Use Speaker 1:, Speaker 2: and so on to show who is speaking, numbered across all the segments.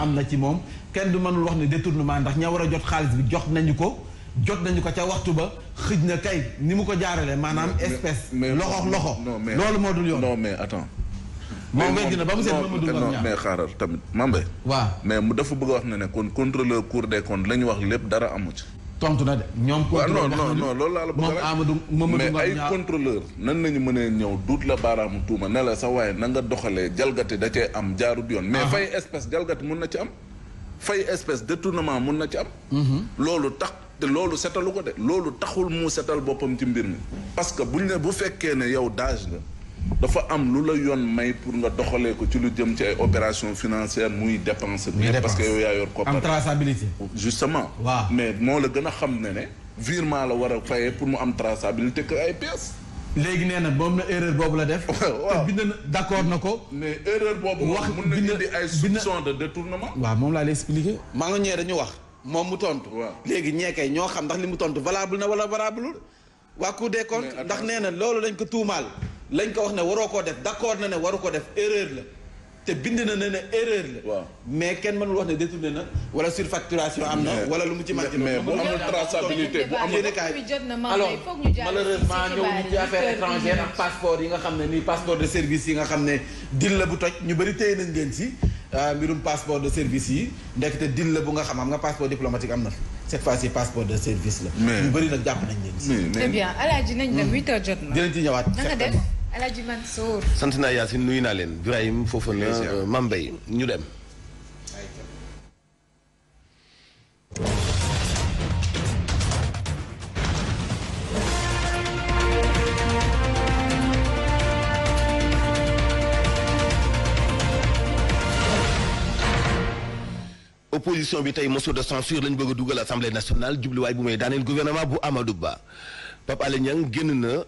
Speaker 1: am na ci moom kenn du mënul wax ne détournement ndax ña war a jot xaalis bi jox nañu ko jot nañu ko ca waxtu ba xëj na kay ni mu ko jaarale maanaam espèce loxo loxo loolu moo
Speaker 2: dul yoon non mais attends moom wéy na ba mu seet non mais xaaral tamit Mambé waa mais mu dafa bëgg a wax na ne kon contrôleur cour des comptes la ñu wax lépp dara amu ci
Speaker 1: tontu na de ñoom. non non non loolu laa la bëgg rek Amadou mais ay
Speaker 2: contrôleur nan nañu mënee ñëw duut la baaraamu tuuma ne la sa waaye na nga doxalee jalgati da cee am jaarut yoon. mais ah. fay espèce jalgati mun na ci am. fay espèce détournement mun na ci am. Mhm. loolu tax te loolu setalu ko de. loolu taxul mu setal boppam ci mbir mi. parce que buñ ne bu fekkee ne yow daaj nga. dafa am lu la yoon may pour nga doxalee ko ci lu jëm ci ay opération financière muy dépense bi parce que yow yaa yor koppar am traçabilité justement waaw mais moo la gën a xam ne ne virement la war a fayee pour mu am traçabilité ay pièces léegi nee na boobu na erreur boobu la def te bind na d'accord ko mais erreur boobu wax mun na indi ay soupçon de détournement
Speaker 1: waaw moom laa lay expliquer maa nga ñëwee dañu wax moom mu tontu léegi ñeekay ñoo xam ndax li mu tontu valable na wala valable waa Cour des ndax nee na loolu lañ ko tuumaal lañ ko wax ne waroo koo def d'accord na ne waru ko def erreur la te bind na ne ne erreur la. mais kenn mënul wax ne détourné na wala surfacturation am na. wala lu mu ci màcc mais bu amul traçabilité bu amul. alors
Speaker 3: malheureusement ñëw ci affaire
Speaker 1: xam ne nii passeport de service yi nga xam ne dil la bu toj bëri téye nañ leen ci euh, mbirum passeport de service yi ndekete dil la bu nga xam xam na fi. cette fois-ci passeport de service la. mais
Speaker 3: ñu bëri nag jàpp nañ leen El Hadj
Speaker 4: Mansour.
Speaker 3: naa Yacine nuyu naa leen Birahim foofu euh, Mambay ñu dem. opposition bi tey motion de censure lañ bëgg a dugal assemblée nationale jubluwaay bu may daaneel gouvernement bu Amadou Ba. Pape ale Niang génn na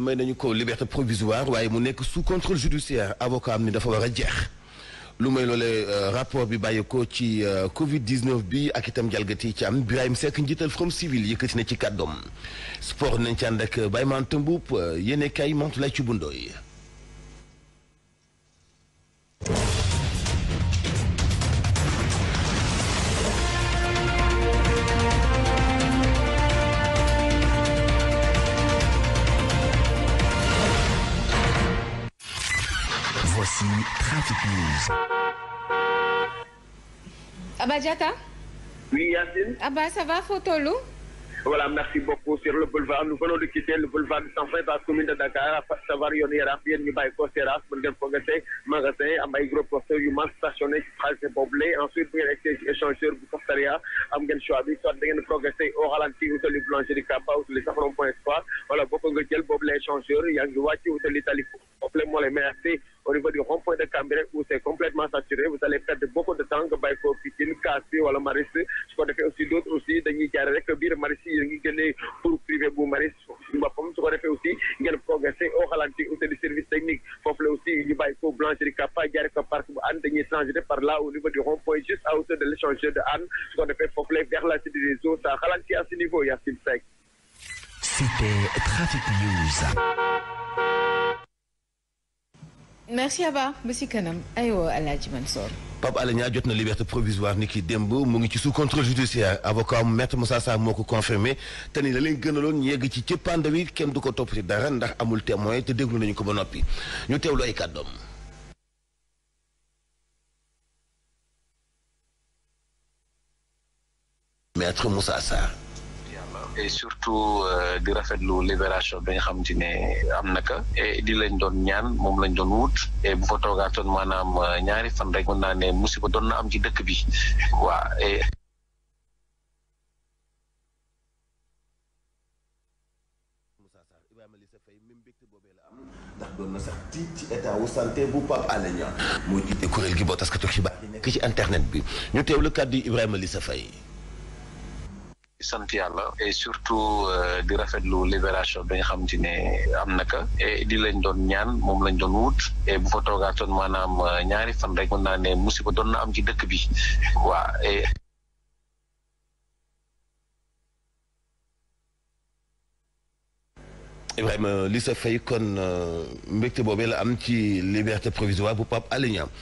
Speaker 3: may nañu ko liberté provisoire waaye mu nekk sous contrôle judiciaire avocat am ni dafa war a jeex lu may loolee euh, rapport bi bàyyi ko ci euh, Covid 19 bi ak itam jalgati ci am Birahim Seck njiital Forum Civil yëkkati na ci kàddoom sport nañ ci ànd ak Baye Man Tëmbuub euh, yéene kay mantu lay ci bundooy Voici Trafic News. Abba Diatta. oui Yacine. Abba ça va foo tollu. voilà merci beaucoup sur le boulevard nous venons de quitter le boulevard du 120 la commune de Dakar savar yoonu Yaraax yéen ñu bàyyi ko Seras ba dem Fogaté magasin am ay gros posteurs yu mag stationné ci tracé boobule ensuite bu ngeen egsee ci am ngeen choix bi soit da ngeen progressé au ralenti utali boulangerie Kapa utali Safran Point Espoir wala bokk nga jël boobu la échangeur yaa ngi wàcc utali tali problème moo lay menacer Cambérène où c'est complètement saturé vous allez perdre beaucoup de temps nga bàyyi ko Pikine Kaas wala Maristes su ko aussi d'autres aussi dañuy jaare rek biir Maristes yi ngi génnee pour privé bu Maristes boppam su aussi ngeen progressé au ralenti service technique foofu la aussi ñu bàyyi ko boulangerie Capa jaare ko parc bu Hann dañuy changer par là au niveau du rond juste à hauteur de l'échangeur de Hann su ko defee foofu la vers la cité merci Abba ba si kanam aywa El Hadj Mansour Pape Alé Niang jot na liberté provisoire ni ki démb mu ngi ci sous contrôle judiciaire avocat mu maître Moussa moo ko confirmé te ni la leen gënaloon yegg ci cëppaandaw yi kenn du ko topp ci dara ndax amul témoin te déglu nañu ko ba noppi ñu teewlu ay kàddoom. maître Moussa et surtout euh, di rafetlu libération bi nga xamante ne am na ka di lañ doon ñaan moom lañ doon wut et bu fa toogaatoon maanaam euh, ñaari fan rek mën naa ne musiba doon na am ci dëkk bi waa ndax doon na sax tiit ci état wu santé bu Pape Alé Niang moo jiite kuréel gi boo taskatu xibaar nekk ci internet bi ñu teewlu kàddu Ibrahima sa Faye sant yàlla et surtout euh, di rafetlu libération bi nga xam te ne am na di lañ doon ñaan moom lañ doon wut et bu fa toogaatoon maanaam euh, ñaari fan rek mën naa ne musiba doon na am ci dëkk bi waa Ibrahima li sa fay kon euh, mbégte boobee la am ci liberté provisoire bu Pape Alé Niang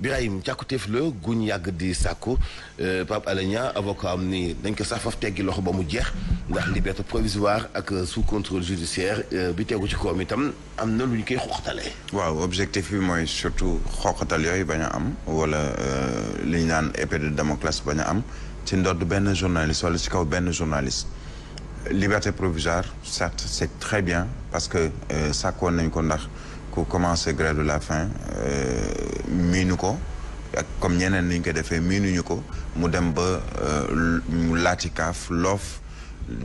Speaker 3: Birahim càkkutéef la guñ yàgg di sàkku euh, Pape Alé Niang am ni dañ ko sax faf teggi loxo ba mu jeex ndax liberté provisoire ak sous contrôle judiciaire euh, bi tegu ci koom itam am na lu ñu koy xoqatalee.
Speaker 4: waaw objectif yi mooy surtout xoqatal yooyu bañ a am wala euh, li ñu naan épée de Damoclès bañ am ci ndodd benn journaliste wala ci kaw benn journaliste. liberté provisoire certes c'est très bien parce que sàkkoon nañ ko ndax. ku commencé gré du la faim euh, miinu ko ak comme ñeneen ni ñu ko defee miinuñu ko mu dem ba euh, mu laati kaaf loof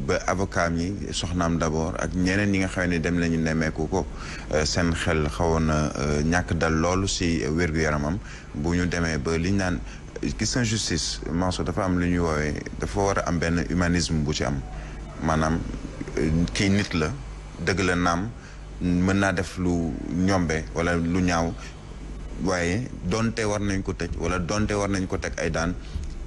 Speaker 4: ba avocat yi soxnaam d'abord ak ñeneen ñi nga xam ni dem nañu nemmeeku ko euh, seen xel xawoon na ñàkk dal loolu si wér-gu-yaramam bu ñu demee ba liñ naan gis justice manso dafa am lu ñuy woowee dafa war a am benn humanisme bu ci am maanaam kii nit la dëgg la naam mën naa def lu ñombe wala lu ñaaw waaye donte war nañ ko tëj wala donte war nañ ko teg ay daan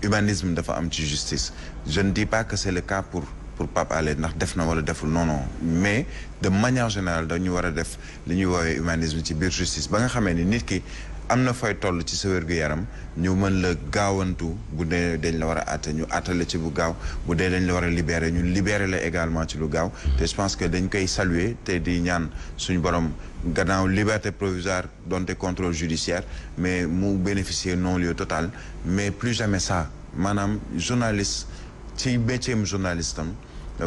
Speaker 4: humanisme dafa am ci justice je ne dis pas que c'est le cas pour pour Pape Alé ndax def na wala deful non non mais de manière générale dañu war a def li ñuy woowee humanisme ci biir justice ba nga xamee ni nit ki am na fay toll ci sa wér-gu-yaram ñu mën la gaawantu bu dee dañ la war a àtte ñu àttale ci bu gaaw bu dee dañ la war a libéré ñu libere la également ci lu gaaw te je pense que dañ koy saluer te di ñaan suñu borom gannaaw liberté provisoire donte contrôle judiciaire mais mu bénéficier non-lieu total mais plus jamais ça maanaam journaliste ci métier mu journaliste am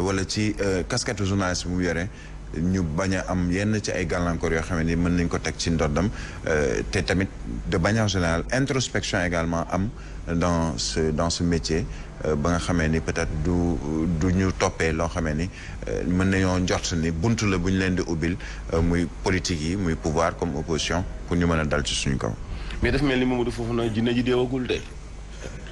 Speaker 4: wala ci euh, casquette journaliste bu mu yore ñu bañ a am yenn ci ay gàllankoor yoo xam ni mën nañ ko teg ci ndoddam euh, te tamit de manière générale introspection également am dans ce dans ce métier euh, ba nga xamee ni peut-être du du ñu toppee loo xamee ni euh, mën nañoo njort ni bunt la bu ñu leen di ubbil muy politique yi muy pouvoir comme opposition pour ñu mën a dal ci suñu kaw.
Speaker 3: mais daf mel ni Mamadou foofu na jinne ji deewagul de.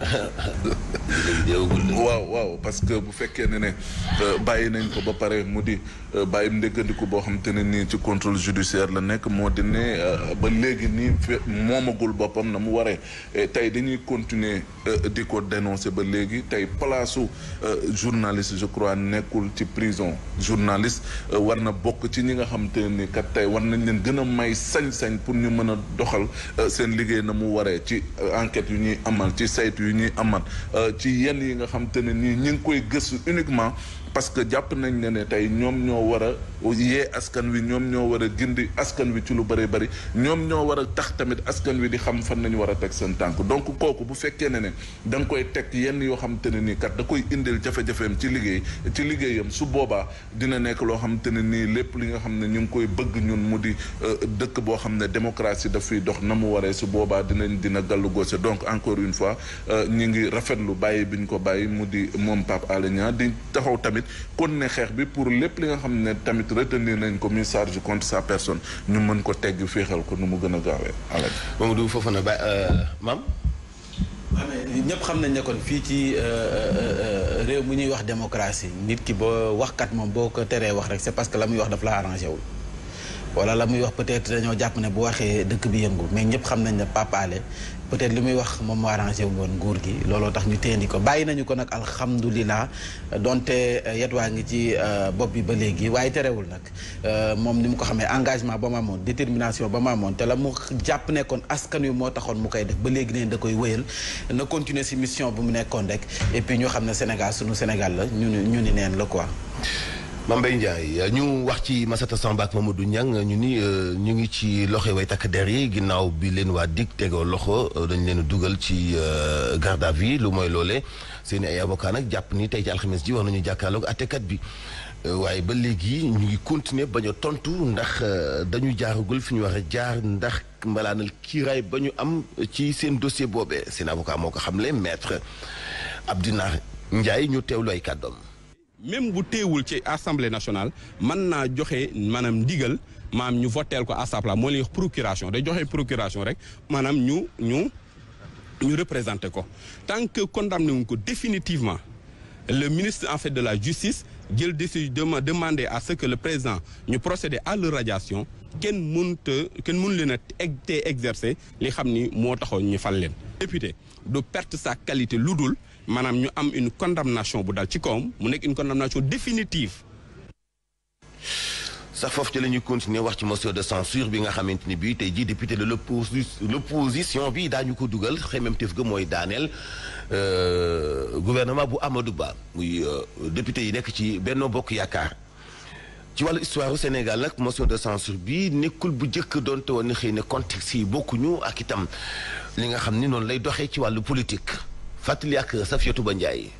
Speaker 2: waaw waaw parce que bu fekkee ne ne euh, bàyyi nañ ko ba pare mu di euh, bàyyi ndéggandiku boo xam te ne nii ci contrôle judiciaire la nekk moo di ne euh, ba léegi nii fe moomagul boppam na mu waree tey dañuy continuer di ko dénoncer ba léegi tey palaasu journaliste je crois nekkul ci prison journaliste war na bokk ci ñi nga xam te nii kat tey war nañ leen gën a may sañ-sañ pour ñu mën a doxal seen liggéey na mu waree ci enquête yu ñuy amal ci saytu yu ñuy amal euh, ci yenn yi nga xam te ne nii ñu ngi koy gëstu uniquement parce que jàpp nañ ne ne tey ñoom ñoo war a yee askan wi ñoom ñoo war a gindi askan wi ci lu bëree bari ñoom ñoo war a tax tamit askan wi di xam fan nañu war a teg seen tànk donc kooku bu fekkee ne ne da koy teg yenn yoo xam te ne nii kat da koy indil jafe-jafeem ci liggéey ci liggéeyam su boobaa dina nekk loo xam te ne nii lépp li nga xam ne ñu ngi koy bëgg ñun mu di euh, dëkk boo xam ne démocratie dafay dox na mu waree su boobaa dinañ dina gàllu goose donc encore une fois euh, ñu ngi rafetlu bàyyi bi ko bàyyi mu di moom Pape kon ne xeex bi pour lépp li nga xam ne tamit retenir nañ ko muy charge contre sa personne ñu mën ko tegg féexal ko nu mu gën a gaawee alaj Mamadou Fofana ba euh, maam
Speaker 1: ah, ñëpp xam nañ ne kon fii ci euh, euh, réew mu ñuy wax démocratie nit ki boo waxkat moom boo ko teree wax rek c'est parce que la muy wax daf la arrangé wul wala la muy wax peut-être dañoo jàpp ne bu waxee dëkk bi yëngu mais ñëpp xam nañ ne Pape peut-être li muy wax moom mu arrangé wu woon nguur gi looloo tax ñu teeni ko bàyyi nañu ko nag alhamdulilah donte euh, yet waa ngi ci euh, bopp bi ba léegi waaye terewul nag euh, moom ni mu ko xamee engagement ba mu amoon détermination ba mu amoon te la mu jàpp nekkoon askan wi moo taxoon mu koy def ba léegi neen da koy wéyal na continuer si mission bi mu nekkoon rek et puis ñu xam ne Sénégal sunu Sénégal la ñu ni neen la ko
Speaker 3: Mame Mbaye Ndiaye ñu wax ci Massata Samba ak Mamadou Niang ñu ni euh, ñu ngi ci loxo way takk der yi ginnaaw bi leen waa DIC tegoo loxo euh, dañu leen dugal ci euh, garde à vue lu mooy loole seen ay avocat nag jàpp ni tey ci alxames ji wax nañu jàkkaarloog àttekat bi waaye ba léegi ñu ngi continuer bañ tontu ndax dañu jaaragul fi ñu war jaar ndax mbalaanal kiiraay ba ñu am ci seen dossier boobee seen avocat moo ko xamle maître Abdinaar Ndiaye ñu teewlu ay
Speaker 1: même bu teewul ci assemblée nationale mën naa joxe maanaam ndigal maanaam ñu voteel ko à sa place moo lay wax procuration de joxe procuration rek maanaam ñu ñu ñu ko tant que condamné wuñ ko définitivement le ministre en fait de la justice jël décision demander à ce que le président ñu procéder à leur radiation kenn mënut a kenn mënu leen a te exercer li xam ni moo taxoon ñu fal leen député du perte sa qualité lu dul maanaam ñu am une condamnation bu dal ci kawam mu nekk une condamnation définitive.
Speaker 3: sax foofu ci la ñuy continuer wax ci motion de censure bi nga xamante ni bi tey jii député de l'opposition bi daañu ko dugal xemmeemteef ga mooy daaneel euh, gouvernement bu Amadou Ba muy euh, député yi nekk ci Benno Bokk Yaakaar ci wàllu histoire Sénégal nag motion de censure bi nekkul bu njëkk doonte woon ne xëy na contexte yi bokkuñu ak itam li nga xam ni noonu lay doxee ci wàllu politique. fàttali ak Safietou Ba Ndiaye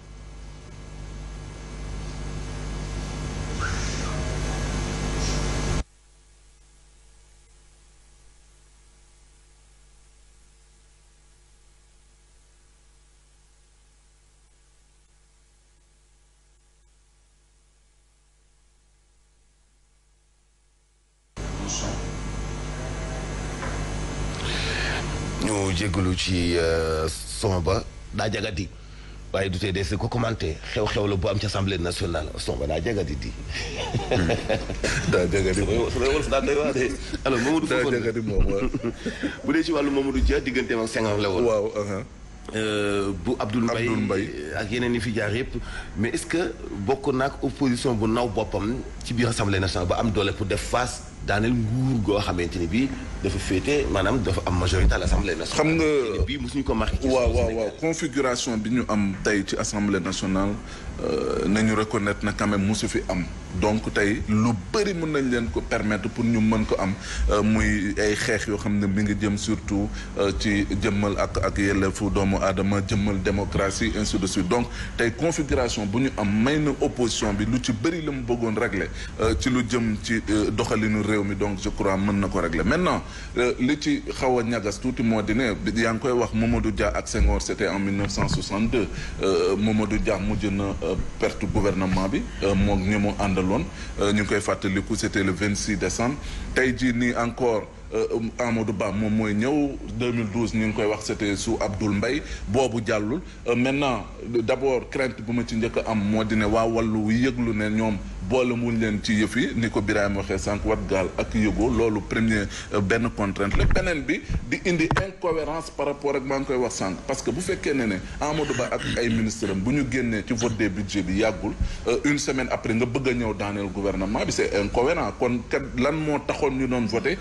Speaker 3: jégalu ci euh, son daa jagadi waaye du tee des ko commenté xew-xew la bu am ci assemblée nationale somba daa jagadi di. daa jagadi moom su ma daa doy waar moom waaw. bu dee ci wàllu Mamadou Dia digganteem ak Senghor la woon. Uh-huh. Euh, bu Abdoul Mbaye ak yeneen yi fi jaar yëpp. mais est-ce que bokk naag opposition bu naw boppam ci biir assemblée nationale ba am doole pour def face daaneel nguur goo xamante ni bii. dafa féete maanaam dafa am majorité à l' assemblée nationale. xam nga bii mosuñu ko marqué. waaw waaw
Speaker 2: waaw configuration bi ñu am tey ci assemblée nationale euh, nañu reconnaître na quand même mosu fi am. donc tey lu bëri mun nañ leen ko permettre pour ñu mën ko am euh, muy ay xeex yoo xam ne mi ngi jëm surtout euh, ci jëmal ak ak yelleefu doomu aadama jëmmal démocratie ainsi de suite donc tey configuration bu ñu am may na opposition bi lu ci bëri la mu bëggoon régler ci lu jëm ci doxalinu réew mi donc je crois mën na ko régler maintenant. Euh, li ci xaw a ñagas tuuti moo di ne yaa ngi koy wax Mamadou Dia ak Senghor c'était en 1962 euh, Mamadou Dia mujj na euh, perte gouvernement bi moom ñi mu àndaloon ñu ngi koy fàttaliku c'était le vingt 26 décembre tey jii nii encore. Euh, Amadou Ba moom mooy ñëw 2012 ñu ngi koy wax c'était sous Abdoul mbay boobu jàllul euh, maintenant d'abord crainte bu ma ci njëkk am moo di ne waa wàllu yëglu ne ñoom boole wuñ leen ci yëf yi ni ko Birame waxee sànq wat gaal ak yëgoo loolu premier euh, benn contrainte la beneen bi di indi incohérence par rapport ak maa ngi koy wax sànq parce que bu fekkee ne ne Amadou Ba ak ay ministres am bu ñu génnee ci vote des budgets bi yàggul une semaine après nga bëgg a ñëw daaneel gouvernement bi c'est incohérent kon lan moo taxoon ñu doon voté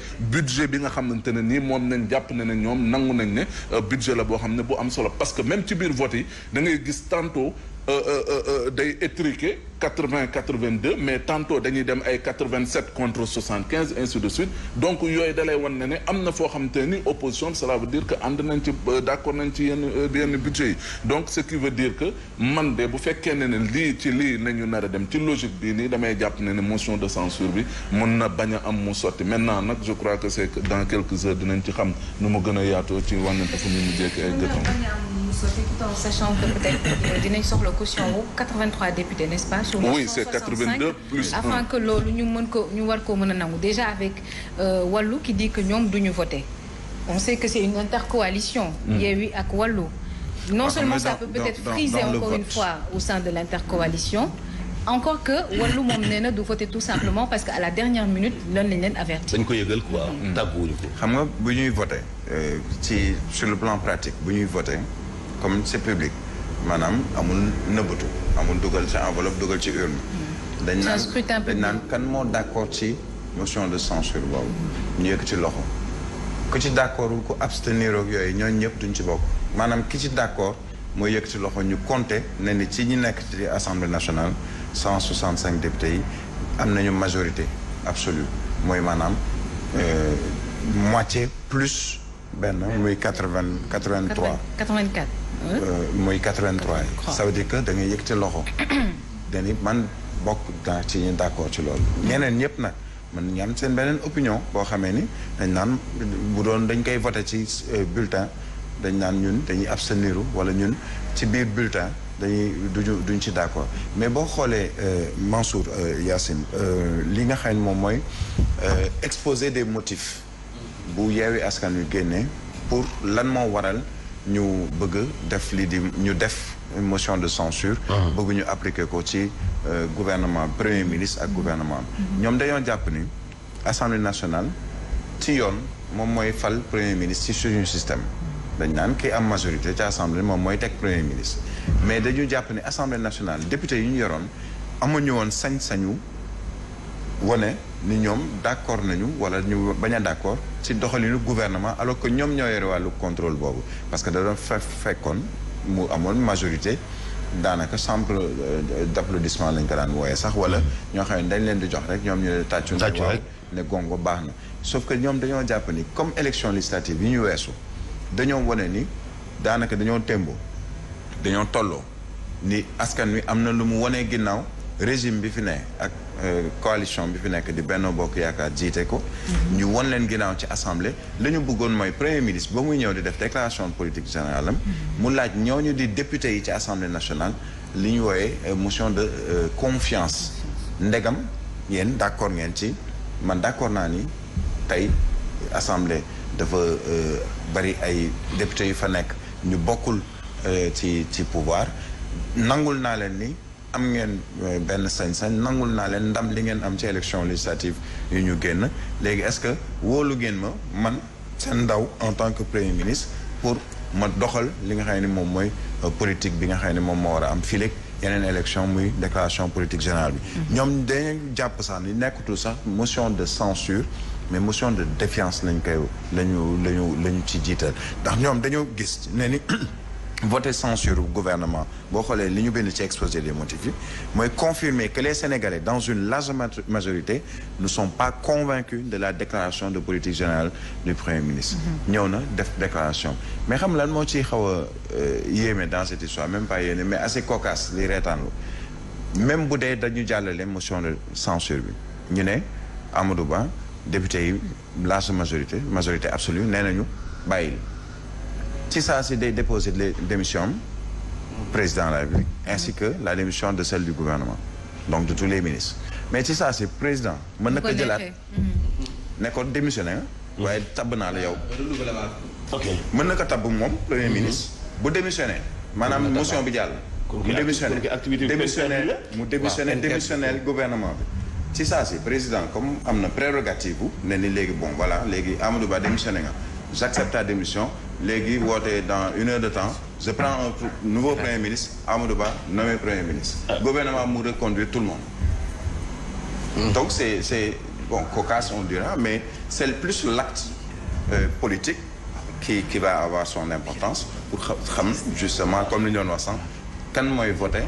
Speaker 2: budget bi nga xamante ne nii moom nañ jàpp ne ne ñoom nangu nañ ne euh, budget la boo xam ne bu am solo parce que même ci biir vote yi da ngay gis tantôt Euh, euh, euh, day étriqué quatre vingt quatre vingt deux mais tantôt dañuy dem ay quatre vingt sept contre soixante quinze ainsi de suite donc yooyu dalay wan na ne am na foo xam te ni opposition cela veut dire que ànd nañ ci d' accord nañ ci yenn yenn budget yi donc ce qui veut dire que man de bu fekkee ne ne ci lii nañu nar a dem ci logique bii nii damay jàpp na ne motion de censure bi mën na bañ am mu sotti maintenant nag je crois que c' est que dans quelques heures dinañ ci nu mu gën a yaatoo ci wàññi dafa ñu mu jekk ay
Speaker 3: gëtam saute tout en sachant que peut-être dinañ soxla caution wu 83 députés n'est-ce pas. sur oui c'est 82 plus 1 afin que loolu ñu mën ko ñu war koo mën a nangu déjà avec euh, wàllu qui dit que ñoom duñu voter on sait que c'est une intercoalition. Hmm. Yewwi ak wàllu. non ah, seulement ça peut peut-être friser encore une fois au sein de l'intercoalition. encore que wàllu moom nee na du voter tout simplement parce que à la dernière minute loolu lañ leen averti.
Speaker 4: dañ ko yëgal quoi hmm. tàgguwuñu ko. xam nga bu ñuy voter euh, ci sur le plan pratique bu ñuy voter comme c'est public maanaam amul nëbbatu amul dugal ci enveloppe dugal ci urne. Mm-hmm. dañ naan dañ naan kan moo d'accord ci motion de censure boobu. Mm-hmm. ñu yëkk ci loxo ku ci d'accordul ku abstenir ak yooyu ñooñu ñëpp duñ ci bokk maanaam ki ci d'accord mooy yëkk ci loxo ñu compter ne ni ci ñu nekk ci assemblée nationale 165 députés yi am nañu majorité absolue mooy maanaam euh, moitié plus benn muy 80 83.
Speaker 1: 84. Euh,
Speaker 4: mooy 83 yi ça veut que da ngay yëg ci loxo dani man bokk dans ci ñu d'accord ci loolu mm. ñeneen ñëpp nag mën ñaam seen beneen opinion boo xamee ni dañ naan bu doon dañ koy voté ci euh, bulletin dañ naan ñun dañuy absteniru wala ñun ci biir bulletin dañuy duñu duñ ci d'accord mais boo xoolee euh, Mansour Yacine li nga xam ne moom mooy exposé des motifs bu yeewi askan wi génnee pour lan moo waral ñu bëgg def lii di ñu def motion de censure ah. bëgguñu ñu ko ci euh, gouvernement premier ministre ak gouvernement ñoom dañoo jàpp ni assemblée nationale ci yoon moom mooy fal premier ministre ci suñu système dañ naan kii am majorité ci assemblée moom mooy teg premier ministre mais dañu jàpp ni assemblée nationale député yu ñu yoroon amuñu woon sañ-sañu wane ni ñoom d'accord nañu wala ñu bañ a d'accord ci doxalinu gouvernement alors que ñoom ñoo yore wàllu contrôle boobu parce que da doon fekkoon mu amoon majorité daanaka chambre euh, d'applaudissement lañ ko daan wooyee sax wala ñoo xam ne dañ leen di jox rek ñoom ñu ne tàccu na waaw ne gongo baax na sauf que ñoom dañoo jàpp ni comme élection législative yi ñu weesu dañoo wane ni daanaka dañoo témboo dañoo tolloo ni askan wi am na lu mu wanee ginnaaw régime bi fi ne ak Euh, coalition bi fi nekk di benn Bokk Yaakaar jiite ko. Mhm. ñu won leen ginnaaw ci assemblée. la ñu bëggoon mooy premier ministre ba muy ñëw di def déclaration politique générale am. Mhm. mu laaj ñu di député yi ci assemblée nationale li ñu wooyee euh, motion de euh, confiance. ndegam yéen d' accord ngeen ci man d' accord naa ni tey assemblée dafa bari ay député yu fa nekk ñu bokkul ci ci pouvoir nangul naa leen ni. am ngeen euh, benn sañ-sañ nangul naa leen ndam li ngeen am ci élection législative yu ñu génn léegi est-ce que wóolu ngeen ma man seen ndaw en tant que premier ministre pour ma doxal li nga xam ne moom mooy euh, politique bi nga xam ne moom moo war a am fileeg yeneen élection muy déclaration politique générale bi mm-hmm. ñoom dañu jàpp sax ni nekkatul sax motion de censure mais motion de défiance lañ koy lañu lañu la ñu ci jiital ndax ñoom dañoo gis ne ni voté censure gouvernement boo xoolee li ñu benn ci exposé des motifs yi mooy confirmer que les sénégalais dans une large majorité ne sont pas convaincus de la déclaration de politique générale du premier ministre mm-hmm. ñëw na def déclaration mais xam lan moo ciy xaw a euh, yéeme dans cette histoire même pas yéene mais assez cocasse li reetaanlu même bu dee dañu jàllale motion de censure bi ñu ne Amadou Ba député yi large majorité majorité absolue nee nañu bàyyil ci saa si day déposer les démissions président de la République ainsi que la démission de celle du gouvernement donc de tous les ministres mais ci saa si président mën na ko jëlaat ne ko démissionné nga waaye tabb naa la yow ah, mën na ko tabb moom premier ministre mhm. bu démissionné maanaam motion bi jàll mu démissionné démissionné mu démissionné démissionné gouvernement bi ci saa si président comme am na prérogative bu ne ni léegi bon voilà léegi Amadou Ba démissionné nga j'accepte ta démission léegi woote dans une heure de temps je prends un nouveau premier ministre Amadou Ba nommé premier ministre gouvernement mu reconduire tout le monde hmm. donc c'est c'est bon cocasse on dira mais c'est plus l'acte euh, politique qui qui va avoir son importance pour xam justement comme li ñu doon wax sànq kan mooy voter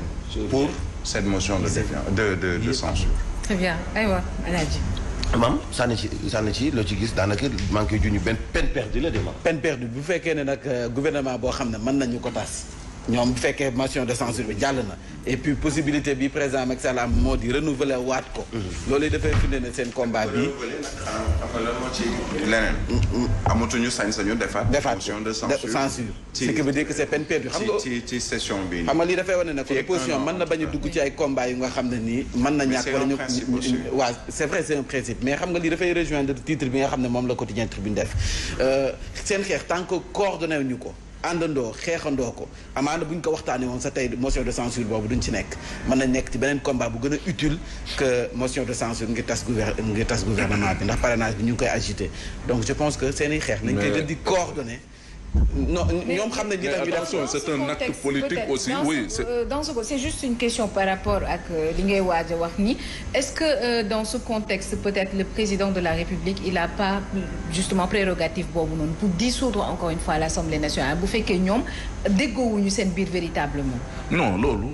Speaker 4: pour cette motion de défiance de de de censure. très bien maam sànni ci sànni ci loo ci gis daanaka manqué ju
Speaker 3: ñu benn peine perdue la de maam.
Speaker 1: peine bu fekkee ne nag euh, gouvernement boo xam ne mën nañu ko taas. ñoom bu fekkee motion de censure bi jàll na et puis possibilité bi président Macky Sall moo di renouveler waat ko. Mm-hmm. loolu dafay firnde ne seen combat bi. leneen.
Speaker 4: Mm-hmm. amatuñu sañ-sañu defaat. defaat motion de censure. ci ce qui veut dire que c'est peine perdue xam nga ci ci session bi. xam nga lii dafay wane ne que opposition mën na bañ a
Speaker 1: dugg ci ay combat yu nga xam ne nii. mën na ñàkk wala ñu waaw c'est vrai c'est principe mais xam nga lii dafay rejoindre titre bi nga xam ne moom la quotidien tribune def euh, seen xeex tant que coordonné wuñu ko. àndandoo xeexandoo ko amaana bu ñu ko waxtaanee woon sa tey motion de censure boobu duñ ci nekk mën na nekk ci beneen combat bu gën a utile que motion de censure ngir tas gouver ngir tas gouvernement bi ndax parrainage bi ñu ngi koy agité donc je pense que seen i xeex nañ koy gën di coordonné non ñoom xam nañ ñu action c'est un acte politique aussi oui c'est euh,
Speaker 3: dans ce c'est juste une question par rapport ak euh, li ngay waaj wax ni est-ce que euh, dans ce contexte peut-être le président de la République il a pas justement prérogative boobu noonu pour dissoudre encore une fois l'Assemblée nationale bu fekkee ñoom déggoowuñu seen biir véritablement
Speaker 2: non loolu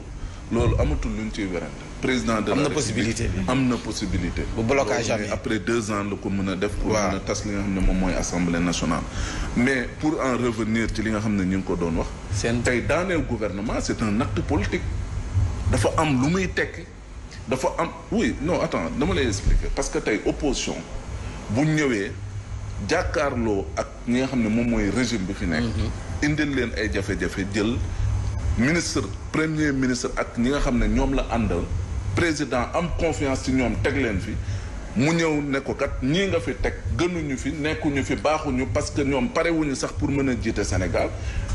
Speaker 2: loolu amatul luñ ciy werante président de la. am na possibilité am na possibilité. bu blocage amee après deux ans la ko mën a def. waa mën a tas li nga xam ne moom mooy assemblée nationale. mais pour en revenir ci li nga xam ne ñu ngi ko doon wax. seen tey daaneel gouvernement c' est un acte politique. dafa am lu muy tekk dafa am oui non attends dama lay expliquer parce que tey opposition bu ñëwee jàkkaarloo ak ñi nga xam ne moom mooy régime bi fi nekk. Mm-hmm. indil leen ay jafe-jafe jël ministre premier ministre ak ñi nga xam ne ñoom la àndal. président am confiance ci ñoom teg leen fi mu ñëw ne ko kat ñii nga fi teg gënuñu fi nekkuñu fi baaxuñu parce que ñoom parewuñu sax pour mën a jiite Sénégal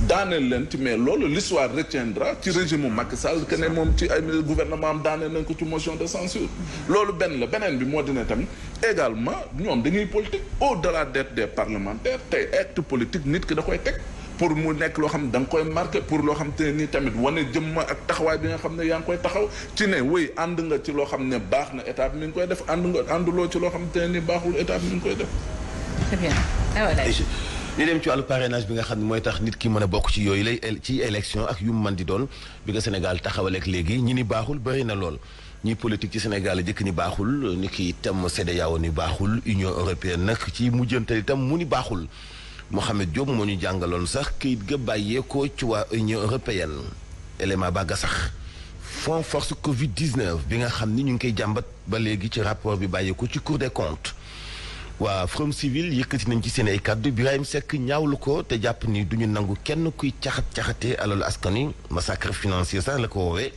Speaker 2: daaneel leen ci mais loolu l'histoire retiendra ci régime Macky Sall que ne moom ci ay gouvernement am daaneel nañ ko ci motion de censure loolu benn la beneen bi moo dina tamit également ñoom dañuy politique au la d'être des parlementaires tey acte politique nit ki da koy teg pour mu nekk loo xam ne da nga koy marqué pour loo xam te nii tamit wane jëmm ak taxawaay bi nga xam ne yaa ngi koy taxaw ci ne wéy ànd nga ci loo xam ne baax na état bi koy def ànd ànduloo ci loo xam te ne baaxul état bi
Speaker 3: mi ah, ci wàllu parrainage bi nga xam ne mooy tax nit ki mën a bokk ci yooyu lay ci élection ak yu mu mën di doon bi nga Sénégal taxawaleeg léegi ñi ni baaxul bëri na lool. ñi politique ci Sénégal jëkk ni baaxul ni ki itam yaaw ni baaxul Union européenne nag ci mujjanteel itam mu ni baaxul. Mohamed Diop moo ñu jàngaloon sax këyit ga bàyyeekoo ci waa Union européenne élément bàgga sax fond force Covid 19 bi nga xam ni ñu ngi koy jàmbat ba léegi ci rapport bi bàyyeekoo ci Cour des comptes waa Forum yëkkati nañ ci seen ay kàddu Birahim sekk ñaawlu ko te jàpp ni du ñu nangu kenn kuy caxat caxatee alalu askan wi massacre financier sax la ko woowee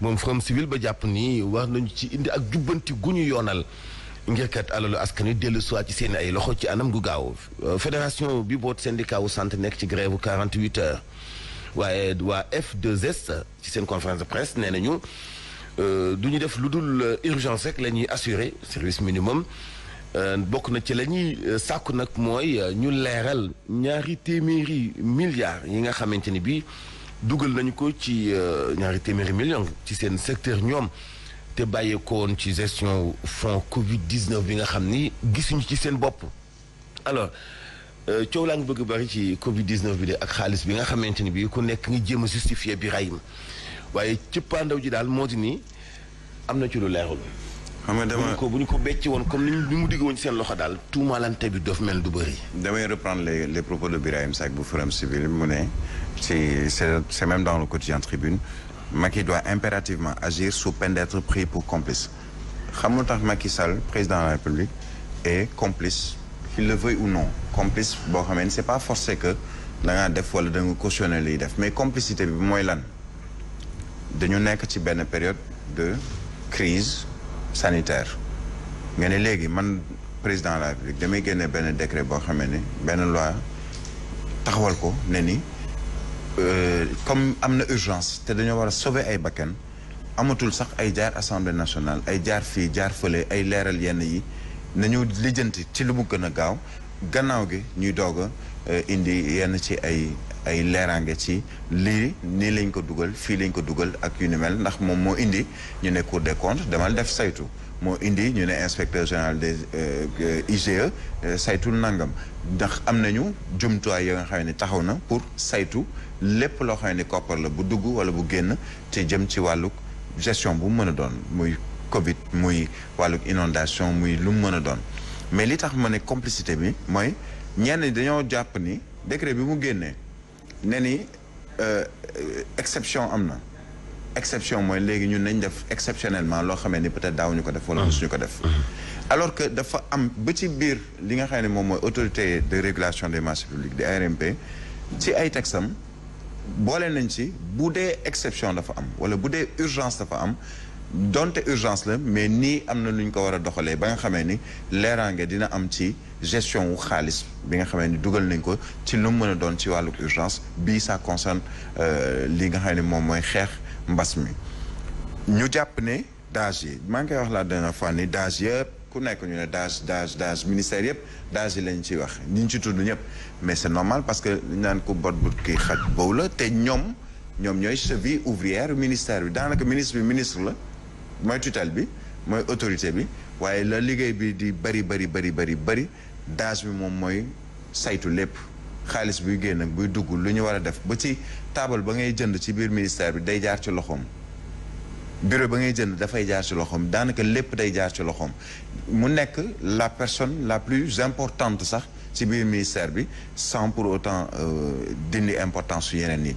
Speaker 3: moom Forum Civil ba jàpp ni war nañu ci indi ak jubbanti gu ñu yoonal. ngir kat alalu askan wi dellu soit ci seen ay loxo ci anam gu gaaw fédération bi boot syndicat wu sant nekk ci grève 48 heures waaye waa F2S ci seen conférence de presse nee nañu euh, du ñu def lu dul euh, urgence rek la ñuy assurer service minimum euh, bokk na ci la ñuy sàkku nag mooy ñu leeral ñaari téeméeri milliards yi nga xamante ni bii dugal nañu ko ci ñaari téeméeri million ci seen secteur ñoom te bàyyeekoo woon ci gestion fonds Covid bi nga xam ni gisuñu ci seen bopp. alors euh, coow laa ngi bëgg bari ci Covid 19 bi de ak xaalis bi nga xamante ni bii ku nekk nga jéem a justifier bi rayim waaye cëppaandaw ji daal moo ti nii am na ci lu leerul. xam nga dama ko bu ñu ko becc woon comme ni mu digg woon seen loxo daal tuumaalante bi dof mel du bëri.
Speaker 4: damay reprendre les les propos de Birahim Seck bu Forum Civil mu ne ci c'est même dans le quotidien Tribune. Macky doit impérativement agir sous peine pris pour complice xam lu tax Macky Sall président de la République est complice qu'il le veuille ou non complice boo xamee ne c'est pas forcé que da def wala da nga cautionner liy def mais complicité bi mooy lan dañu nekk ci benn période de crise sanitaire nga ne léegi man président la République damay génne benn décret boo xamee ni benn loi taxawal ko ne nii Euh, comme am na urgence te dañoo war a sauver ay bakken amatul sax ay jaar assemblée nationale ay jaar fii jaar fële ay leeral yenn yi nañu lijjanti ci lu mu gën a gaaw gannaaw gi ñuy doog a euh, indi yenn ci ay ay leeraange ci lii nii lañ ko dugal fii lañ ko dugal ak yu ni mel ndax moom moo indi ñu ne cour des comptes demal def saytu moo indi ñu ne inspecteur général des euh, IGE saytul nangam ndax am nañu jumtuwaay yoo nga xam ni taxaw na pour saytu lépp loo xam ni koppar la bu dugg wala bu génn te jëm ci wàllu gestion bu mu mën a doon muy Covid muy wàllu inondation muy lu mu mën a doon mais li tax ma ne complicité bi mooy ñenn ñi dañoo jàpp ni décret bi mu génnee ne ni euh, exception am na exception mooy léegi ñun nañ def exceptionnellement loo xamee ni peut-être daawuñu ko def wala mosuñu ko def alors que dafa am ba ci biir li nga xam ne moom mooy autorité de régulation des marchés publics di ARMP ci ay texam boole nañ ci bu dee exception dafa am wala bu dee urgence dafa am donte urgence la mais nii am na lu ñu ko war a doxalee ba nga xamee ni leeraange dina am ci gestion wu xaalis bi nga xamee ni dugal nañ ko ci lu mu mën a doon ci wàllu urgence bii ça concerne euh, lii nga xam ne moom mooy xeex mbas mi ñu jàpp ne daaj yi maa ngi koy wax la dernière fois ni daaj yëpp ku nekk ñu ne daaj daaj daaj ministère yëpp daaj yi lañ ciy wax ñu ci tudd ñëpp mais c'est normal parce que naan ko bot bu kii xaj boobu la te ñoom ñoom ñooy cheville ouvrière ministère bi daanaka ministre bi ministre la mooy tutelle bi mooy autorité bi waaye la liggéey bi di bari bari bari bari bari daaj bi moom mooy saytu lépp xaalis buy génn ak buy dugg lu ñu war a def ba ci taabal ba ngay jënd ci biir ministère bi day jaar ci loxoom. bureau ba ngay jënd dafay jaar ci loxoom daanaka lépp day jaar ci loxoom mu nekk la personne la plus importante sax ci biir ministère bi sans pour autant euh, dindi importance su yeneen nit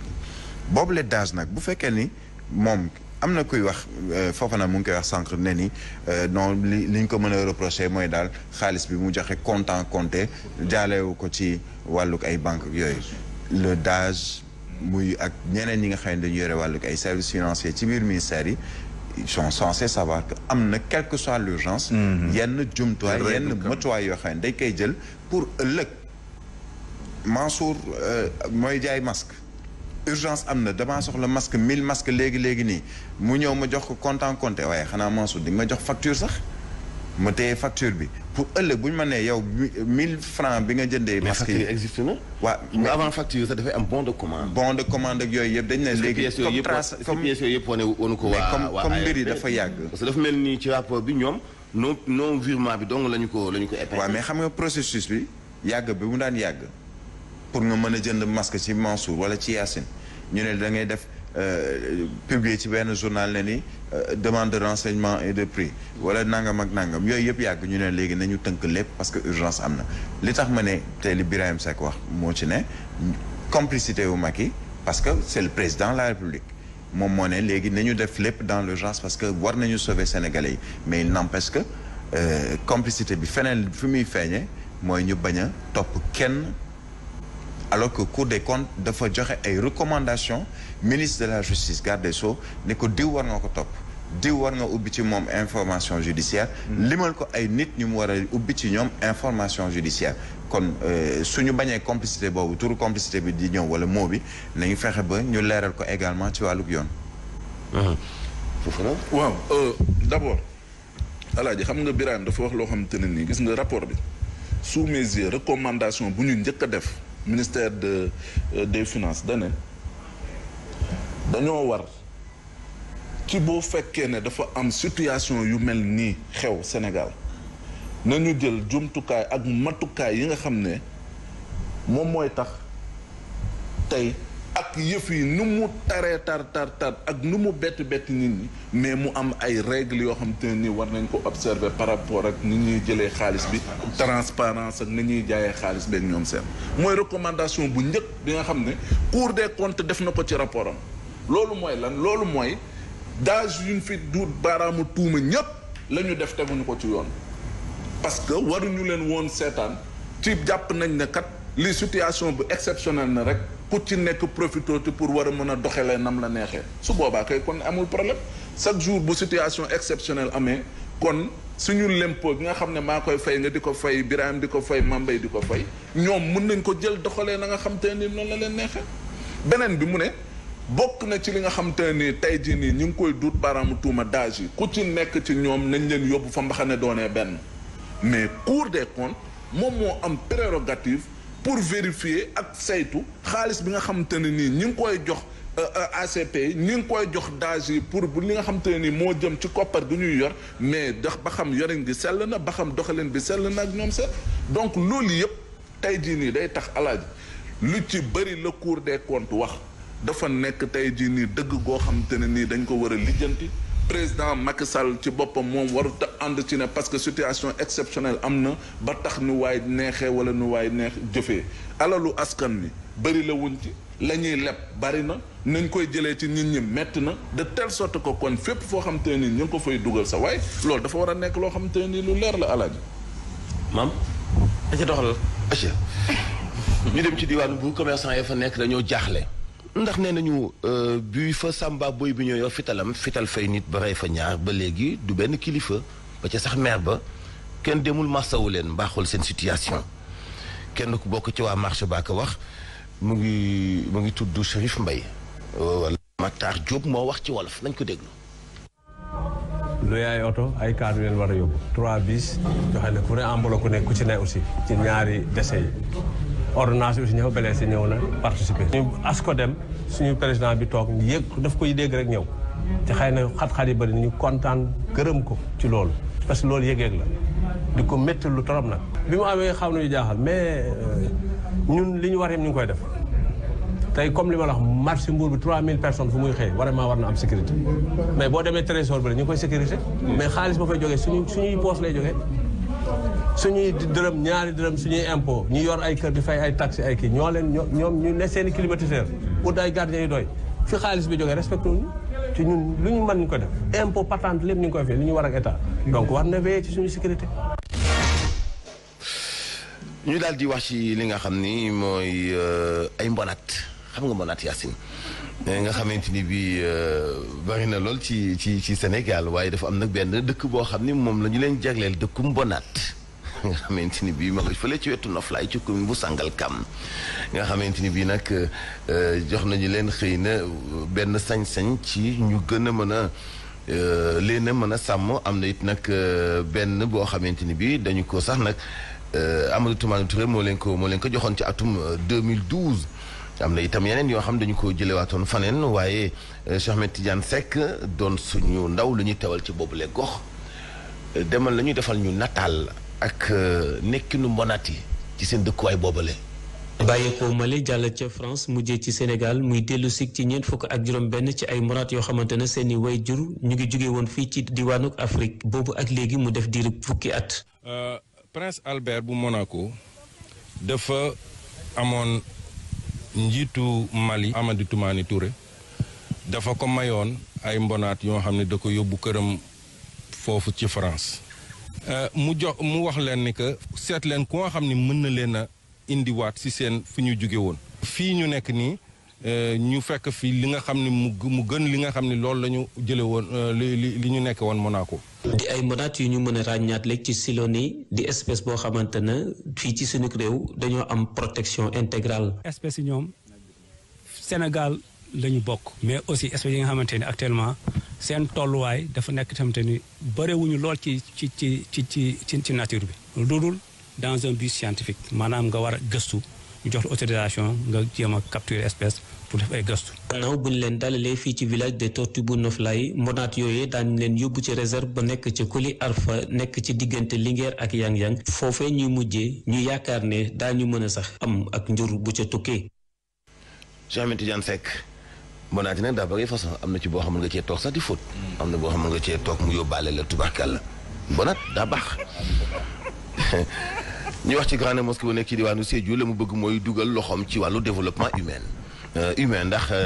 Speaker 4: boobu le daas nag bu fekkee ni moom am na kuy wax euh, foofa nag mu ngi koy wax sànq ne ni euh, non li li ko mën a reprocher mooy daal xaalis bi mu joxe comptant compté jaalewu ko ci wàllug ay banque yooyu le daas muy ak ñeneen ñi nga xam ne dañu yore wàllu ay services financiers ci biir ministère yi ils sont censés savoir que am na quelle que soit l'urgence mhm. yenn jumtuwaay yenn motuwaay yoo xam ne dañ koy jël pour ëllëg Mansour euh, mooy jaay masque urgence am na damaa soxla masque mille masque léegi léegi nii mu ñëw ma jox ko comptant compté waaye xanaa Mansour di nga ma jox facture sax ma téye facture bi pour ëllëg bu ñu ma nee yow mille francs bi nga jëndee. masque yi mais facture existe na. waaw mais avant facture sax dafay am bon de commande. bon de commande ak yooyu yëpp dañ ne léegi. comme trans comme
Speaker 3: pièces yooyu yëpp comme mbir yi dafa yàgg. parce que dafa mel ni ci rapport bi ñoom
Speaker 4: non non virement bi dong lañu ko lañu ko épinglé. waaw mais xam nga processus bi yàgg bi mu daan yàgg pour nga mën a jënd masque ci Mansour wala ci Yacine ñu ne da ngay def. Euh, publier ci benn journal ne ni euh, demande de renseignement et de prix wala nangam ak nangam yooyu yëpp yàgg ñu ne léegi nañu tënk lépp parce que urgence am na li tax ma ne tey li Birahim wax moo ci ne complicité wu yi parce que c'est le président la République moom moo ne léegi nañu def lépp dans l'urgence parce que war nañu sauver Sénégalais yi mais il n'empêche que euh, complicité bi feneen fi muy feeñe mooy ñu bañ a topp kenn alors que Cour des comptes dafa joxe ay recommandations ministre de la justice garde des sceaux ne ko diw war nga ko topp diw war nga ubbi ci moom information judiciaire mm. limal ko ay nit ñi mu war a ubbi ci ñoom information judiciaire kon euh, suñu bañee complicité boobu tour complicité bi di ñëw wala moo bi nañu fexe ba ñu leeral ko également ci wàllug yoon foofu la waaw euh, d'abord
Speaker 2: alaaji xam nga Birame dafa wax loo xamante ne nii gis nga rapport bi sous mes recommandation bu ñu njëkk def ministère de euh, des finances dane dañoo war ci boo fekkee ne dafa am situation yu mel nii xew Sénégal nañu jël jumtukaay ak matukaay yi nga xam ne moom mooy tax tey ak yëf yi nu mu taree tar tar ak nu mu bett bett nit ñi mais mu am ay règles yoo xam te ne nii war nañ ko observer par rapport ak ni ñuy jëlee xaalis bi transparence ak ni ñuy jaayee xaalis beeg ñoom seen mooy recommandation bu njëkk bi nga xam ne Cour de comptes def na ko ci rapport am loolu mooy lan loolu mooy daaj yuñ fi duut baaraamu tuuma ñëpp la ñu def teguñu ko ci yoon parce que waruñu leen woon seetaan ci jàpp nañ ne kat li situation bu exceptionnel na rek ku ci nekk profité ci pour war a mën a doxalee nam la neexee su boobaa kay kon amul problème chaque jour bu situation exceptionnelle amee kon suñu lempo bi nga xam ne maa koy fay nga di ko fay Birame di ko fay yi di ko fay ñoom mun nañ ko jël doxalee na nga xam te ni noonu la leen neexee beneen bi mu ne bokk na ci li nga xam te ni tey jii nii ñu ngi koy duut baaraamu tuuma daaj yi ku ci nekk ci ñoom nañ leen yóbbu fa mbaxane doonee benn mais Cour des comptes moom moo am prérogative pour vérifier ak saytu xaalis bi nga xam te ne nii ñu ngi koy jox euh, euh, ACP yi ñu ngi koy jox daaj yi pour bu li nga xam te ne nii moo jëm ci koppar gu ñuy yor mais dax ba xam yorin gi sell na ba xam doxalin bi sell na ak ñoom set donc loolu yëpp tey jii nii day tax alaaji lu ci bëri la Cour des comptes wax dafa nekk tey jii nii dëgg goo xam te ne nii dañ ko war a lijjanti président Macky Sall ci boppam moom warut a ànd ci ne parce que situation exceptionnelle am na ba tax nu waay neexee wala nu waay neex jëfee alalu askan wi bëri la wuñ ci lañuy ñuy leb bari na nañ koy jëlee ci nit ñi métti na de telle sorte ko kon fépp foo xam te nii ñu ko fay dugal sa waaye lool dafa war a nekk
Speaker 3: loo xam te nii lu leer la alaaji maam aca doxal ñu dem ci diwaanu bu commerçant ya fa nekk dañoo jaaxle ndax nee nañu euh, buy fa Samba boy bi ñoo yor fitalam fital fay nit ba rey fa ñaar ba léegi du benn kilifa ba ca sax maire ba kenn demul massawu leen mbaaxul seen situation kenn ku bokk ci waa marché baa ko wax mu ngi mu ngi tudd Chérif Mbaye wala Matar Diop moo wax ci wolof nañ ko déglu.
Speaker 1: lu yaay oto ay kaar yu leen war a yóbbu. trois bis joxe ne ku ne ambalo ku ne ku ci ne aussi ci ñaari dese yi. ordonnance bi aussi ña fa blessé ñëw na participer. ñu ASCODEM suñu président bi toog yëg daf koy dégg rek ñëw te xëy na xat-xat yi bëri ñu kontaan gërëm ko ci loolu. parce que loolu yëg-yëg la di ko métti lu torop nag. bi mu amee xaw na nañu jaaxal mais euh, ñun li ñu war yëpp ñu ngi koy def tey comme li ma la wax marché mbuur bi 3000 personnes fu muy xëy vraiment war na am sécurité mais boo demee trésor bi la ñu ngi koy sécurité. mais xaalis ba fay jógee suñu suñuy poos lay jógee. suñuy dërëm ñaari dërëm suñuy impôt ñu yor ay kër di fay ay taxes ay kii ñoo leen ñoom ñu ne seeni i climatiseur ut ay gardien yu doy fi xaalis bi jógee respecté wuñu ci lu ñu ñu ko def impôt patente lépp ñu ngi koy fi ñu war ak état donc war na veiller suñu sécurité
Speaker 3: ñu daal di wax ci li nga xam ni mooy euh, ay mbonaat xam nga mbonaat Yacine eh, nga xamante ni bi euh, bari na lool ci ci ci Sénégal waaye dafa am nag benn dëkk boo xam ni moom la ñu leen jagleel dëkku mbonaat nga xamante ni bii ma nga fële ci wetu noflaay ci commune bu Sangalkam nga xamante ni bii nag euh, jox nañu leen xëy na euh, benn sañ-sañ ci ñu gën a mën a euh, leen a mën a sàmm am na it nag benn boo xamante ni bii dañu ko sax nag Amadou Toumane moo leen ko moo leen ko joxoon ci atum 2012. am na itam yeneen yoo xam dañu ko jëlewaatoon faneen waaye Cheikh Ahmed Tidiane Seck doon suñu ndaw lu ñuy tewal ci boobule gox demal la defal ñu nataal ak euh, nekkinu mbonaat yi ci seen dëkkuwaay boobale bàyyeekoo Mali jàll ca France mujje ci Sénégal muy dellu si ci ñeent fukk ak juróom benn ci ay monaat yoo xamante ne seeni way jur ñu ngi jóge woon fii ci diwaanuk Afrique boobu ak léegi mu def diiru fukki at
Speaker 1: euh, Prince Albert bu Monaco dafa amoon njiitu Mali Amadou Toumani Touré dafa ko mayoon ay mbonaat yoo xam ne da ko yóbbu këram foofu ci France Euh, mu jox mu wax leen ni que seet leen ku nga xam ni mën na leen a indiwaat si seen fu ñu jóge woon. fii ñu nekk nii euh, ñu fekk fii li nga xam ni mu gën li nga xam ni loolu la ñu jële woon euh, li ñu nekk woon naa ko di ay mënaat yu ñu mën
Speaker 3: a ràññaat léegi ci siloni di espèce boo xamante ne fii ci suñu réew dañoo am protection intégrale. espèce yi ñoom Sénégal. lañ bokk mais aussi
Speaker 1: espèces yi nga xamante ni actuellement seen tolluwaay dafa nekk tamit ni barewuñu lool ci ci
Speaker 3: ci ci ci ci nature bi lu dul dans un but scientifique maanaam nga war a gëstu jox la autorisation nga jéem a capturer espèce pour def ay gëstu. gannaaw bu ñu leen dalalee fii ci village de Tortue bu Noflaye mbonaat yooyee daañu leen yóbbu ci réserve ba nekk ci Kuli Arfa nekk ci diggante Linguère ak Yang-Yang foofee ñuy mujjee ñu yaakaar ne daañu mën a sax am ak njur bu ca tukkee. Jean Tidiane mbonaati nag daa bëri façon am na ci boo xam nga cee toog sax di fóot. Mm. am na boo xam nga cee toog mu yóbbaale la tubarkalla mbonaat daa baax. ñu wax ci grande mosquée bu nekk ci diwaanu Sédhiou la mu bëgg mooy dugal loxoom ci wàllu développement humain euh, humain ndax. Euh,